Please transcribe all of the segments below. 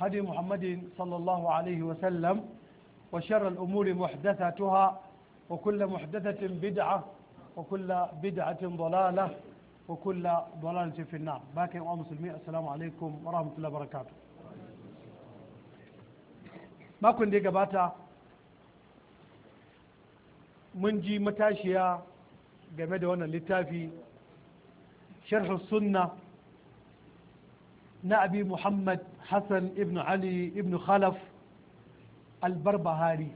هدي محمد صلى الله عليه وسلم وشر الأمور محدثتها وكل محدثة بدعة وكل بدعة ضلالة وكل ضلالة في النار باكي ومسلمين السلام عليكم ورحمة الله وبركاته ما كنت ya منجي متاشيا ji matashiya game da شرح السنة نعبي محمد hassan ibn ali ابن khalaf albarbahari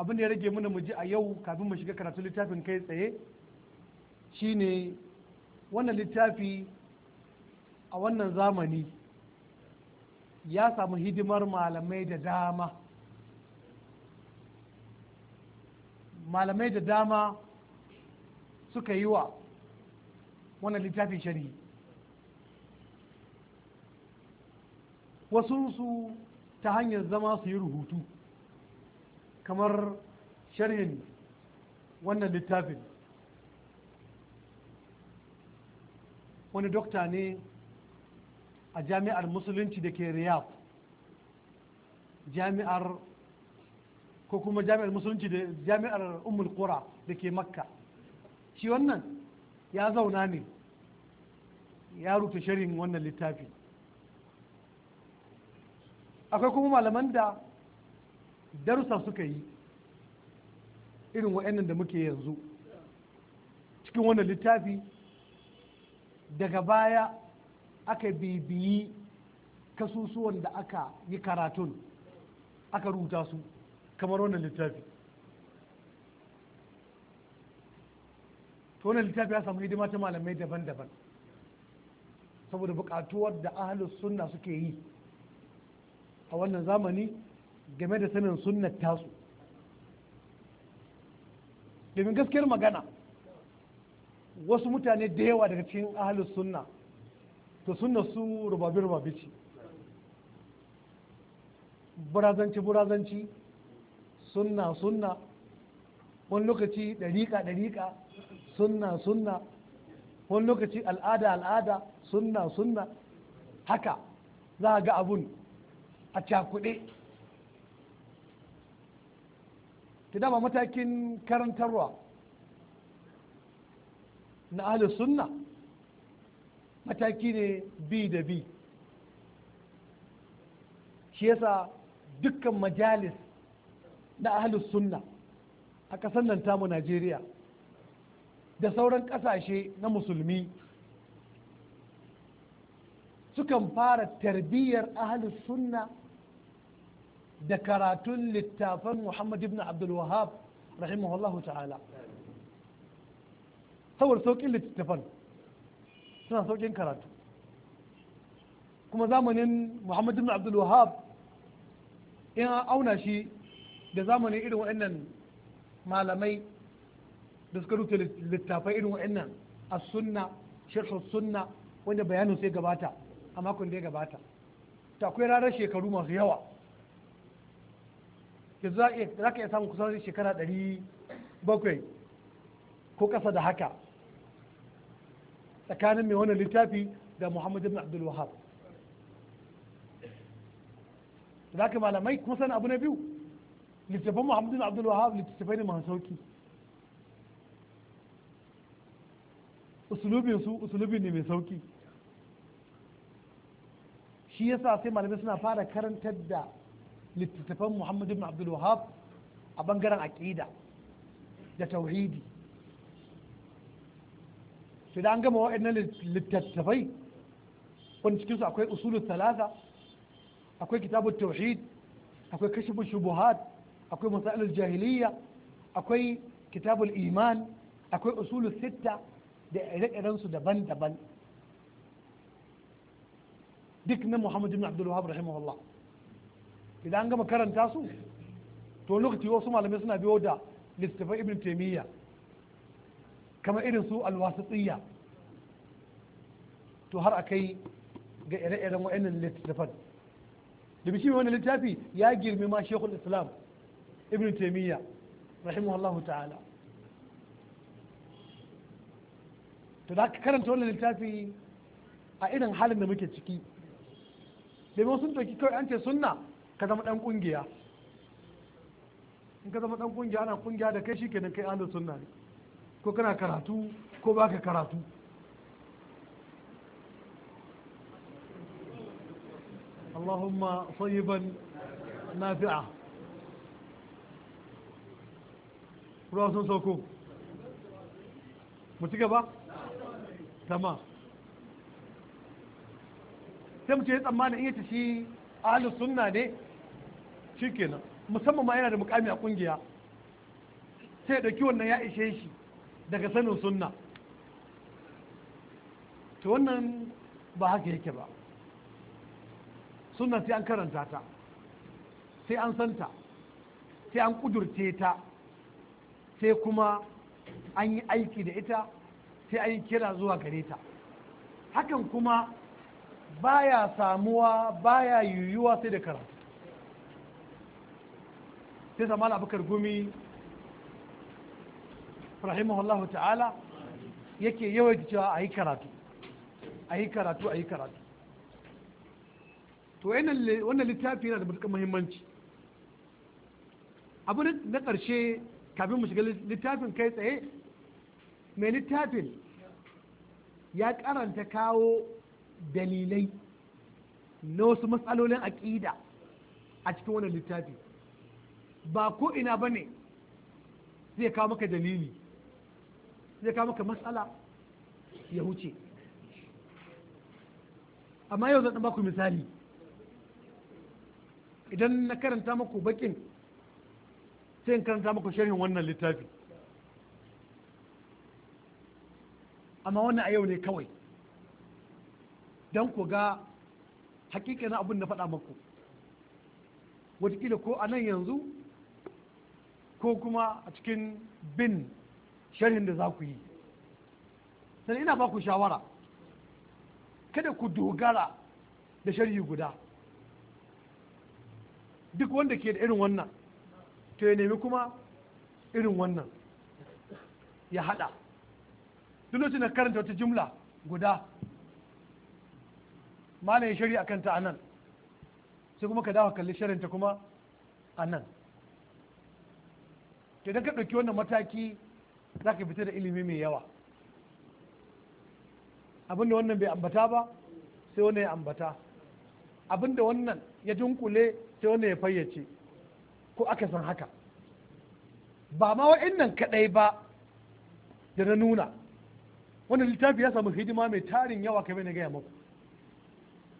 abin da ya rage mana muji a yau kafin mu shiga karatu littafin kai tsaye shine wannan littafi a wannan zamani ya samu hidimar malamai da dama malamai da dama suka yi wa wannan littafin sharhi wasunsu ta hanyar zama su yi rubutu kamar sharhin wannan littafin wani dokta ne a jami'ar musulunci da ke riyadh jami'ar ko kuma jami'ar musulunci da jami'ar umul qura da ke makka shi wannan ya zauna ne ya rufe sharhin wannan littafin. akwai kuma malaman da darussa suka yi irin wa'annan da muke yanzu cikin wannan littafi daga baya aka bibiyi kasusuwan da aka yi karatun aka rubuta su kamar wannan littafi to wannan littafi ya samu hidima ta malamai daban-daban saboda buƙatuwar da ahalus sunna suke yi a wannan zamani game da sanin sunnar tasu domin gaskiyar magana wasu mutane da yawa daga cikin ahalus sunna to sunna su rubabi rubabi ce burazanci burazanci sunna sunna wani lokaci dariƙa dariƙa sunna sunna wani lokaci al'ada al'ada sunna sunna haka za a ga abun a cakuɗe ta dama matakin karantarwa na ahlus sunna mataki ne bi da bi shi yasa dukkan majalis na ahlus sunna a ƙasar nan tamu najeriya da sauran ƙasashe na musulmi sukan fara tarbiyyar ahlus sunna da karatun littafan Muhammad ibn Abdul Wahab rahimahullahu ta'ala saboda saukin littattafan suna saukin karatu kuma zamanin Muhammad ibn Abdul Wahab in auna shi da zamanin irin waɗannan malamai da suka rubuta littafai irin waɗannan a sunna sharh sunna wanda bayanin sai gabata a makon da ya gabata ta akwai ranar shekaru masu yawa yanzu za ka iya samun kusan shekara ɗari bakwai ko ƙasa da haka tsakanin mai wannan littafi da muhammad ibn abdul wahab za ka malamai kuma sanin abu na biyu littafin muhammad ibn abdul wahab littattafai ne masu sauki usulubin su usulubin ne mai sauki shi yasa sai malamai suna fara karantar da لتتفهم محمد بن عبد الوهاب أبان قرن عقيدة ده توحيدي سيدان قم هو إنا لتتفهي ونشكيسو أكوي أصول الثلاثة أكوي كتاب التوحيد أكوي كشف الشبهات أكوي مسائل الجاهلية أكوي كتاب الإيمان أكوي أصول الستة ده إرنسو ده بند بند ديكنا محمد بن عبد الوهاب رحمه الله idan an gama karanta su to lokaci wasu malamai suna biyo da littafin ibn taimiyya kamar irin su alwasatiyya to har a kai ga ire-iren wa'annan littafan da bishi mai wani littafi ya girmi ma shekul islam ibn taimiyya rahimahullahu ta'ala to da karanta wannan littafi a irin halin da muke ciki domin sun ɗauki kawai an ce sunna ka zama dan kungiya in ka zama dan kungiya ana kungiya da kai shikenan kai ahlus sunna ne ko kana karatu ko baka karatu اللهم صيبا nafi'a. ruwa sun sauko mu ci gaba? tama sai mu ce tsammanin iya ta shi ahalus sunna ne kenan musamman ma yana da mukami a kungiya sai ya ɗauki wannan ya ishe shi daga sanin sunna to wannan ba haka yake ba sunna sai an karanta ta sai an santa sai an kudurce ta sai kuma an yi aiki da ita sai an yi kira zuwa gare ta hakan kuma baya samuwa baya yiwuwa sai da karanta. sai samala abokar gumi rahimahullahu ta'ala yake da cewa a yi karatu a yi karatu a yi karatu to wannan littafi yana da matuƙar muhimmanci abu na ƙarshe kafin mu shiga littafin kai tsaye mai littafin ya karanta kawo dalilai na wasu matsalolin aƙida a cikin wannan littafi ba ko ina ba ne zai kawo maka dalili zai kawo maka matsala ya huce amma yau zan baku misali idan na karanta maku bakin sai karanta maku sharhin wannan littafi amma wannan a yau ne kawai don ku ga hakikanin abin da faɗa maku watakila ko a nan yanzu ko kuma a cikin bin sharhin da za ku yi sai ina ba ku shawara kada ku dogara da sharhi guda duk wanda ke da irin wannan to ya nemi kuma irin wannan ya hada duk lokacin karanta wata jumla guda malayin shari'a kanta a nan sai kuma ka dawo kalli sharinta kuma a nan to idan ka ɗauki wannan mataki za ka fita da ilimi mai yawa abinda wannan bai ambata ba sai wannan ya ambata abinda wannan ya dunkule sai wannan ya fayyace ko aka san haka ba ma nan kaɗai ba da na nuna wannan littafi ya samu hidima mai tarin yawa kamar na gaya maku.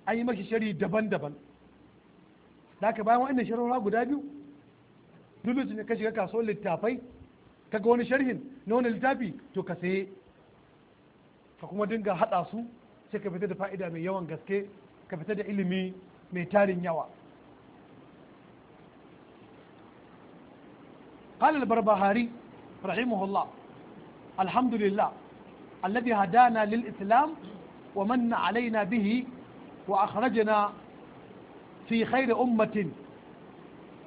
an yi mashi shari daban-daban da aka bayan wa'annan shari'ar guda biyu duk ne ka shiga kasuwar littafai ka ga wani sharhin na wani littafi to ka saye ka kuma dinga hada su sai ka fita da fa'ida mai yawan gaske ka fita da ilimi mai tarin yawa قال البربهاري رحمه الله الحمد لله الذي هدانا للإسلام ومن علينا به وأخرجنا في خير أمة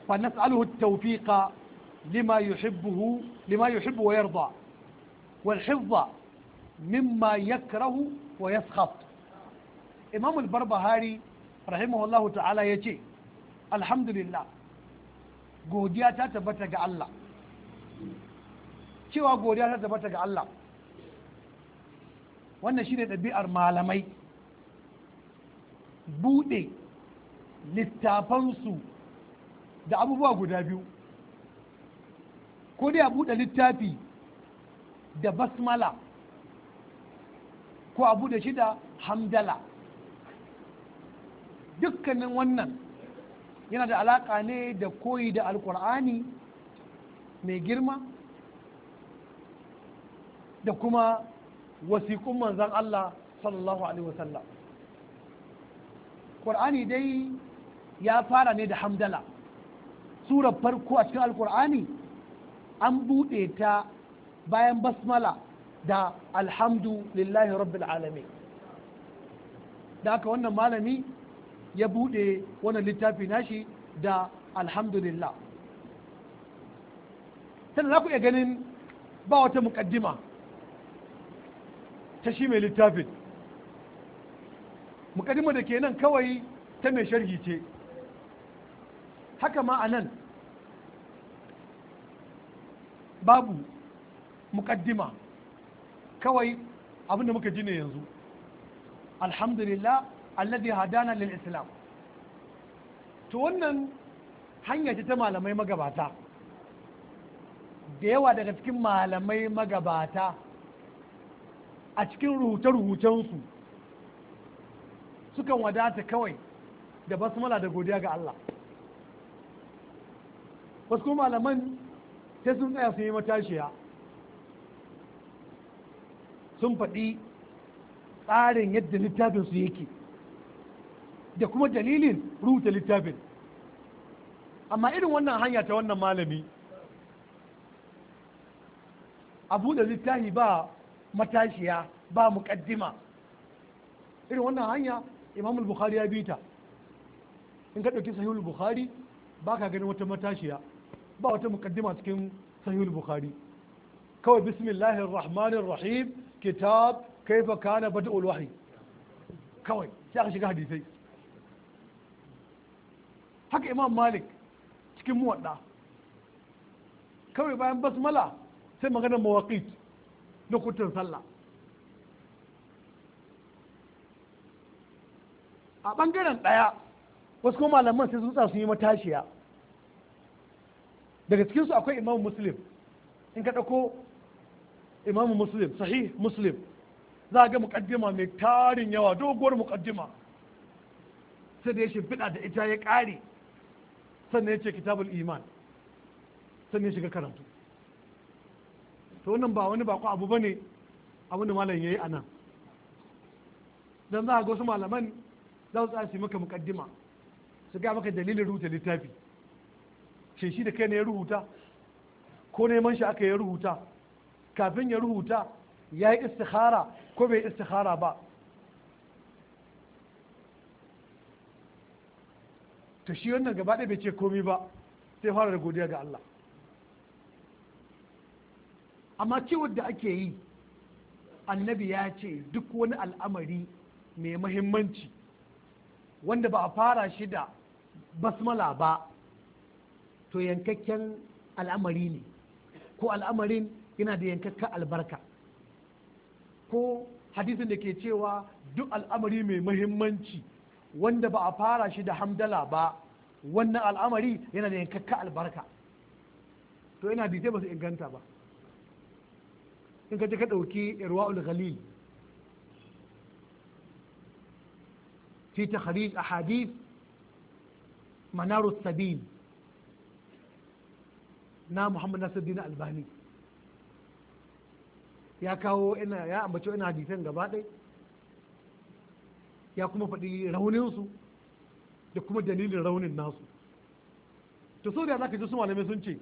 فنسأله التوفيق لما يحبه لما يحب ويرضى والحفظ مما يكره ويسخط إمام البربهاري رحمه الله تعالى يجي الحمد لله godiya ta tabbata ga Allah cewa godiya ta tabbata ga Allah wannan shine ɗabi'ar malamai buɗe littafansu da abubuwa guda biyu ko dai a buɗe littafi da basmala ko a buɗe shi da hamdala dukkanin wannan yana da alaƙa ne da koyi da alƙur'ani mai girma da kuma wasiƙun manzan Allah sallallahu alaihi wasallam ƙur'ani dai ya fara ne da hamdala surar farko a cikin alkur'ani an buɗe ta bayan basmala da alhamdu lillahi rabbil alamin da aka wannan malami ya buɗe wannan littafi nashi da alhamdulillah sannan za ku iya ganin ba wata muƙaddima ta shi mai littafin muƙaddima da ke nan kawai ta mai sharhi ce haka ma a nan babu mukaddima kawai abinda muka ji ne yanzu alhamdulillah alladhi hadana lil islam to wannan hanya ce ta malamai magabata da yawa daga cikin malamai magabata a cikin rubuce-rubucensu sukan wadata kawai da basmala da godiya ga Allah wasu kuma malaman sai sun tsaya sun yi matashiya sun faɗi tsarin yadda littafin su yake da kuma dalilin rubuta littafin amma irin wannan hanya ta wannan malami a buɗe littafi ba matashiya ba muƙaddima irin wannan hanya imam bukhari ya bi ta in ka ɗauki sahihul bukhari ba ka ganin wata matashiya ba wata mukaddima cikin sahihul bukhari kawai bismillahir rahmanir rahim kitab kaifa kana badul wahyi kawai sai aka shiga hadisai haka imam malik cikin muwadda kawai bayan basmala sai maganar mawaqit lokutan sallah a bangaren daya wasu kuma malaman sai sun sa sun yi matashiya daga cikinsu akwai imamu muslim in ka ɗauko imamu muslim sahih muslim za ga mukaddima mai tarin yawa doguwar mukaddima sai da ya shimfiɗa da ita ya ƙare sannan ya ce kitabul iman sannan ya shiga karantu to wannan ba wani bako abu bane abin da malam yayi anan dan za ga wasu malaman za su tsaya maka mukaddima su ga maka dalilin rubuta littafi shin shi da kai ne ya rubuta ko neman shi aka ya rubuta kafin ya rubuta ya yi istikhara ko bai istikhara ba ta shi wannan gaba ɗaya bai ce komi ba sai fara da godiya ga Allah amma cewar da ake yi annabi ya ce duk wani al'amari mai mahimmanci wanda ba a fara shi da basmala ba to yankakken al'amari ne ko al'amarin yana da yankakken albarka ko hadisin da ke cewa duk al'amari mai mahimmanci wanda ba a fara shi da hamdala ba wannan al'amari yana da yankakka albarka to yana da ba su inganta ba in ka ka ɗauki irwa'ul ghalil fi a ahadith manaru sabil na muhammad nasiruddin albani ya kawo ina ya ambaci ina hadisan gaba ya kuma faɗi rauninsu da kuma dalilin raunin nasu to so da zaka ji su malamai sun ce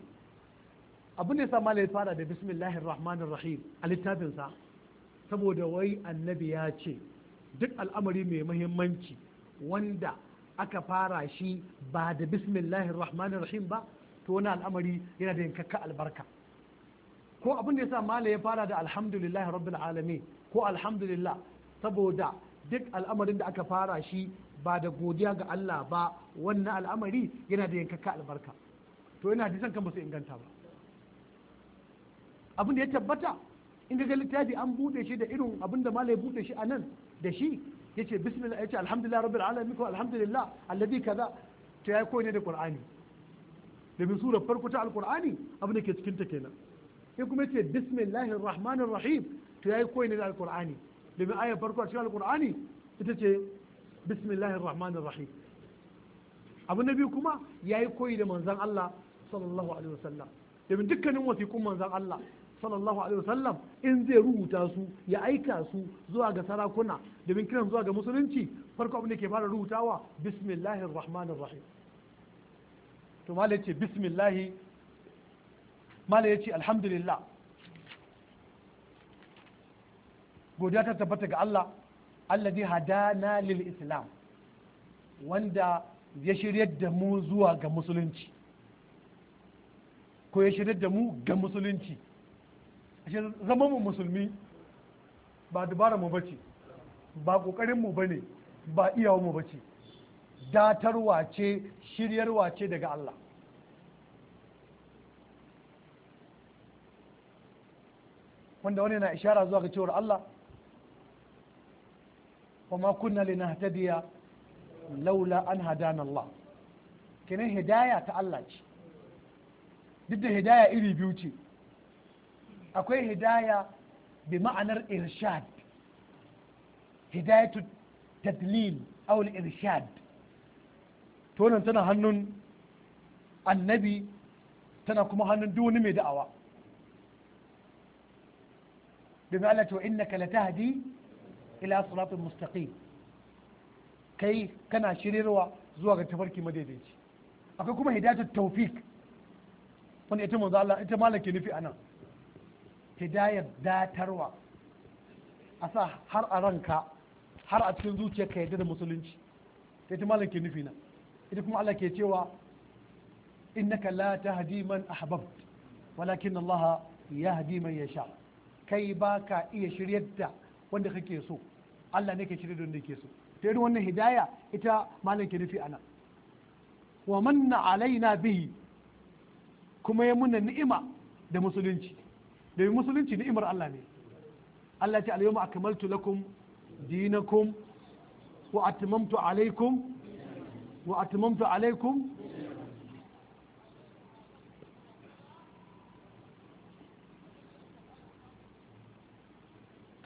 abin da ya sa malai fara da bismillahir rahmanir rahim a littafinsa saboda wai annabi ya ce duk al'amari mai muhimmanci wanda aka fara shi ba da bismillahir rahmanir rahim ba to wani al'amari yana da yankakka albarka ko abin da ya sa mala ya fara da alhamdulillah rabbil alamin ko alhamdulillah saboda duk al'amarin da aka fara shi ba da godiya ga Allah ba wannan al'amari yana da yankakka albarka to yana hadisan kan ba su inganta ba abin da ya tabbata in ga littafi an bude shi da irin abin da ya bude shi a nan da shi yace bismillah yace alhamdulillah rabbil alamin ko alhamdulillah alladhi kaza to ya koyi ne da qur'ani domin sura farko ta alkur'ani abin da ke cikin ta kenan sai kuma ce bismillahir rahmanir rahim to yayi koyi ne da alkur'ani domin ayar farko a cikin alkur'ani ita ce bismillahir rahmanir rahim abu na biyu kuma yayi koyi da manzon Allah sallallahu alaihi wasallam domin dukkanin wasiqun manzon Allah sallallahu alaihi wasallam in zai rubuta su ya aika su zuwa ga sarakuna domin kiran zuwa ga musulunci farko abin da ke fara rubutawa bismillahir rahmanir rahim to mala yace bismillah mala yace alhamdulillah godiya ta tabbata ga Allah alladhi hadana lil islam wanda ya shirya da mu zuwa ga musulunci ko ya shiryar da mu ga musulunci zama mu musulmi ba dubara mu bace ba kokarin mu bane ba iyawo mu bace datarwa ce shiryarwa ce daga Allah wanda wani na ishara zuwa ga cewar Allah wa ma lina linahtadiya laula an hadana Allah kenan hidaya ta Allah ce duk da hidaya iri biyu ce akwai hidaya bi ma'anar irshad hidayatu tadlil aw irshad tonan tana hannun annabi tana kuma hannun duni mai da'awa domin Allah ta innaka latahdi ila siratin mustaqim kai kana shirirwa zuwa ga tafarki madaidaici akwai kuma hidayatul tawfiq wanda ita manzo Allah ita malake nufi anan hidayar datarwa a sa har a ranka har a cikin zuciyarka ka yadda da musulunci ta ita malake nufi nan idan kuma Allah ke cewa innaka la tahdi man ahbabt walakin Allah yahdi man yasha kai baka iya shiryar da wanda kake so Allah ne ke shirya da wanda yake so ta irin wannan hidaya ita malam ke nufi anan wa manna alaina bihi kuma ya muna ni'ima da musulunci da musulunci ni'imar Allah ne Allah ya ce al-yawma akmaltu lakum dinakum wa atmamtu alaykum wa atmamtu alaikum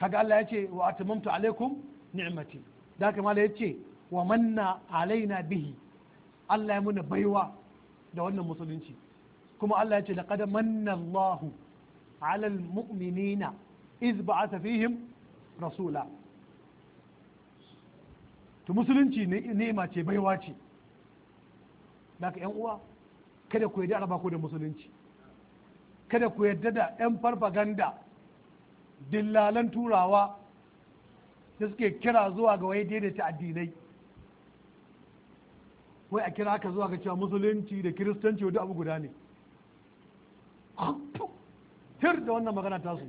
kaga Allah ya ce wa atmamtu alaikum ni'mati da kama da wa manna alaina bihi Allah ya muna baiwa da wannan musulunci kuma Allah ya ce laqad manna Allahu alal mu'minina iz ba'atha fihim rasula to musulunci ni'ima ce baiwa ce daga yan uwa kada ku yarda araba ko da musulunci kada ku yarda da yan farfaganda dillalan turawa da suke kira zuwa ga wai ta addinai wai a kira ka zuwa ga cewa musulunci da kiristanci wadda abu guda ne hir da wannan magana tasu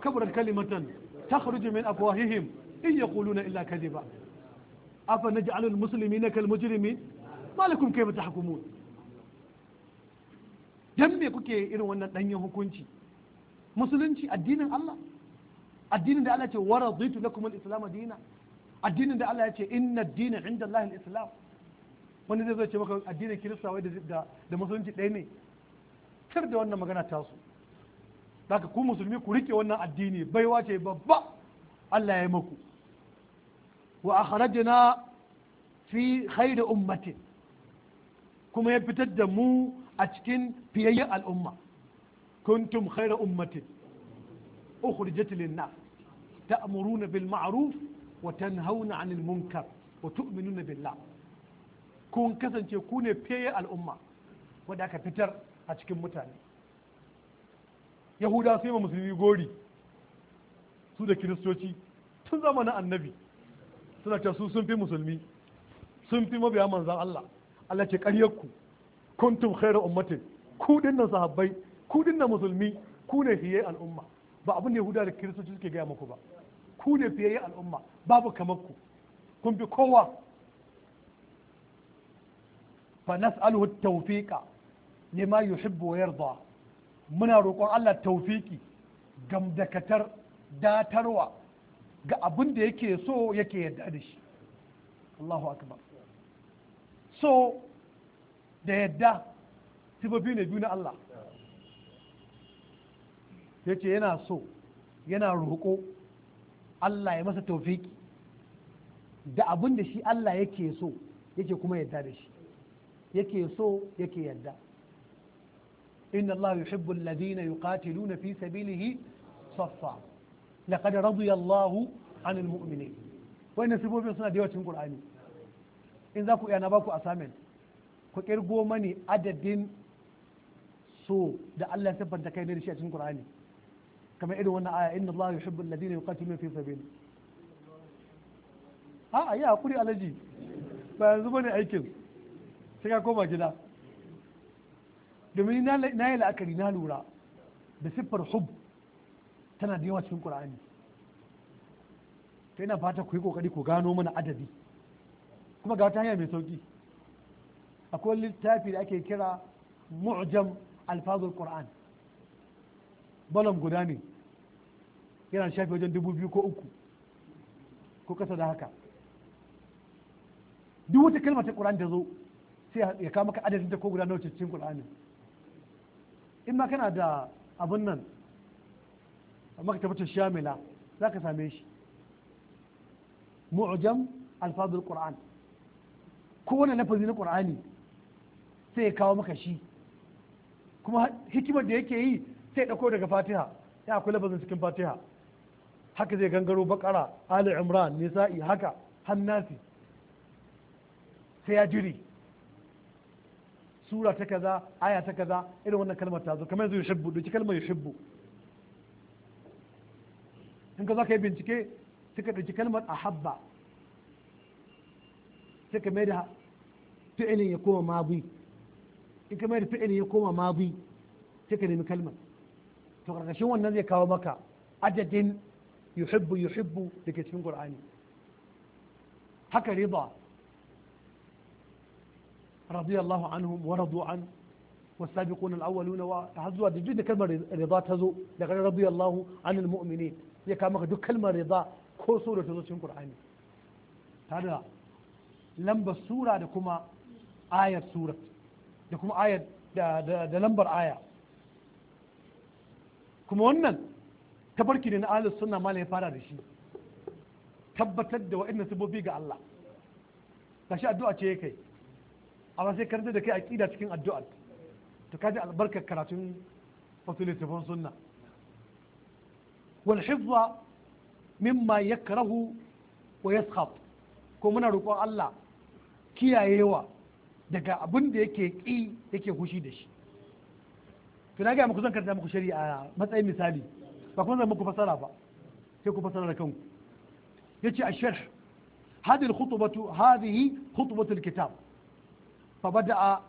kabarar kalimatan ta kharuji min afwahihim in yaquluna illa kadiba afa naj'alul muslimina kal mujrimin malakum kai bata hukumu dan me kuke irin wannan danyen hukunci musulunci addinin Allah addinin da Allah ce waraditu lakum al-islam dina addinin da Allah ya ce inna ad-dina 'inda Allah islam wani zai zo ce maka addinin kirista wai da da musulunci ɗaya ne kar da wannan magana tasu haka ku musulmi ku rike wannan addini baiwa ce babba Allah ya yi muku wa akhrajna fi khayri ummatin kuma ya fitar da mu a cikin fiyayyen al'umma kuntum khaira ummatin ukhrijat lin-nas ta'muruna bil ma'ruf wa tanhauna 'anil munkar wa tu'minuna billah kun kasance ku ne fiyayyen al'umma wanda aka fitar a cikin mutane yahuda sai ma musulmi gori su da kiristoci tun zamanin annabi suna ta su sun fi musulmi sun fi mabiya manzan Allah Allah ce ƙaryarku kuntum khairu ummatin ku dinnan sahabbai ku dinnan musulmi ku ne fiye al'umma ba abin yahuda da kiristoci suke gaya muku ba ku ne fiye al'umma babu kamar ku kun fi kowa fa nas'aluhu tawfiqa lima yuhibbu wa yarda muna roƙon Allah tawfiki gamdakatar datarwa ga abin da yake so yake yarda da shi Allahu akbar so da yadda sifofi ne biyu na Allah ya ce yana so yana roƙo Allah ya masa taufiki da abin da shi Allah yake so yake kuma yadda da shi yake so yake yadda inna Allah yuhibbu alladhina yuqatiluna fi sabilihi saffa laqad radiya Allahu 'anil mu'minin wannan sifofin suna da yawa cikin Qur'ani in za ku iya na ba ku assignment ku kirgo mani adadin so da Allah ya siffanta kai ne da shi a cikin Qur'ani kamar irin wannan aya inna Allah yuhibbu alladhina yuqatiluna fi sabili a a yi hakuri alaji ba yanzu bane aikin sai ka koma gida domin na yi la'akari na lura da siffar hub tana da yawa cikin Qur'ani ta ina fata ku yi kokari ku gano mana adadi kuma ga ta hanya mai sauki akwai littafi da ake kira mu'jam alfazul qur'an balam guda ne yana shafi wajen dubu biyu ko uku ko kasa da haka duk wata kalmar ta qur'an da zo sai ya kama ka adadin ta ko guda nawa cikin qur'anin in ma kana da abun nan amma ka tabbatar shamila za ka same shi mu'jam alfazul qur'an kowane lafazi na ƙur'ani sai ya kawo maka shi kuma hikimar da yake yi sai ɗauko daga fatiha ya akwai lafazin cikin fatiha haka zai gangaro bakara ali imran nisa'i haka hannasi sai ya jiri sura ta kaza aya ta kaza irin wannan kalmar ta zo kamar yanzu yushibbu doki kalmar yushibbu in ka za yi bincike ka ɗauki kalmar a habba. سكمدها فعل يكون ماضي كمان فعل يكون ماضي تكلم كلمة تقرأ شو النذي كومك عدد يحب يحب لك تفهم قرآني حكى رضا رضي الله عنهم ورضوا عن والسابقون الأولون وهذو جد كلمة رضا تزو لقد رضي الله عن المؤمنين يا كلمة دو كلمة رضا كو سورة تزو تفهم قرآني هذا lambar sura da kuma ayar sura da kuma ayar da lambar aya kuma wannan tabarki ne na alis suna ma ya fara da shi tabbatar da wa'annan sabobi ga Allah kashi addu'a ce ya kai amma sai karanta da kai aqida cikin addu'a to kaji albarkar karatun fasulin tafin sunna wal hifza mimma yakrahu wa yaskhab ko muna roƙon Allah kiyayewa daga abin da yake ƙi yake hushi da shi to na ga muku zan karanta muku shari'a matsayin misali ba kuma zan muku fasara ba sai ku fasara da kanku yace asharh هذه الخطبة هذه خطبة الكتاب فبدأ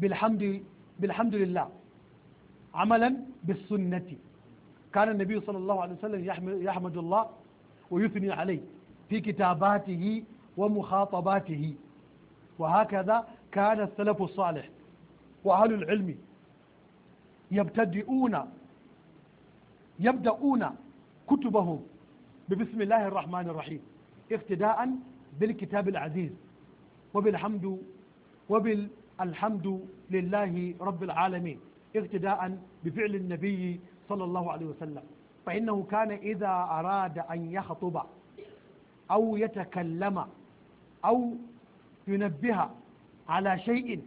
بالحمد بالحمد لله عملا بالسنة كان النبي صلى الله عليه وسلم يحمد الله ويثني عليه في كتاباته ومخاطباته وهكذا كان السلف الصالح وأهل العلم يبتدئون يبدأون كتبهم ببسم الله الرحمن الرحيم اقتداء بالكتاب العزيز وبالحمد وبالحمد لله رب العالمين اقتداء بفعل النبي صلى الله عليه وسلم فإنه كان إذا أراد أن يخطب أو يتكلم أو ينبه على شيء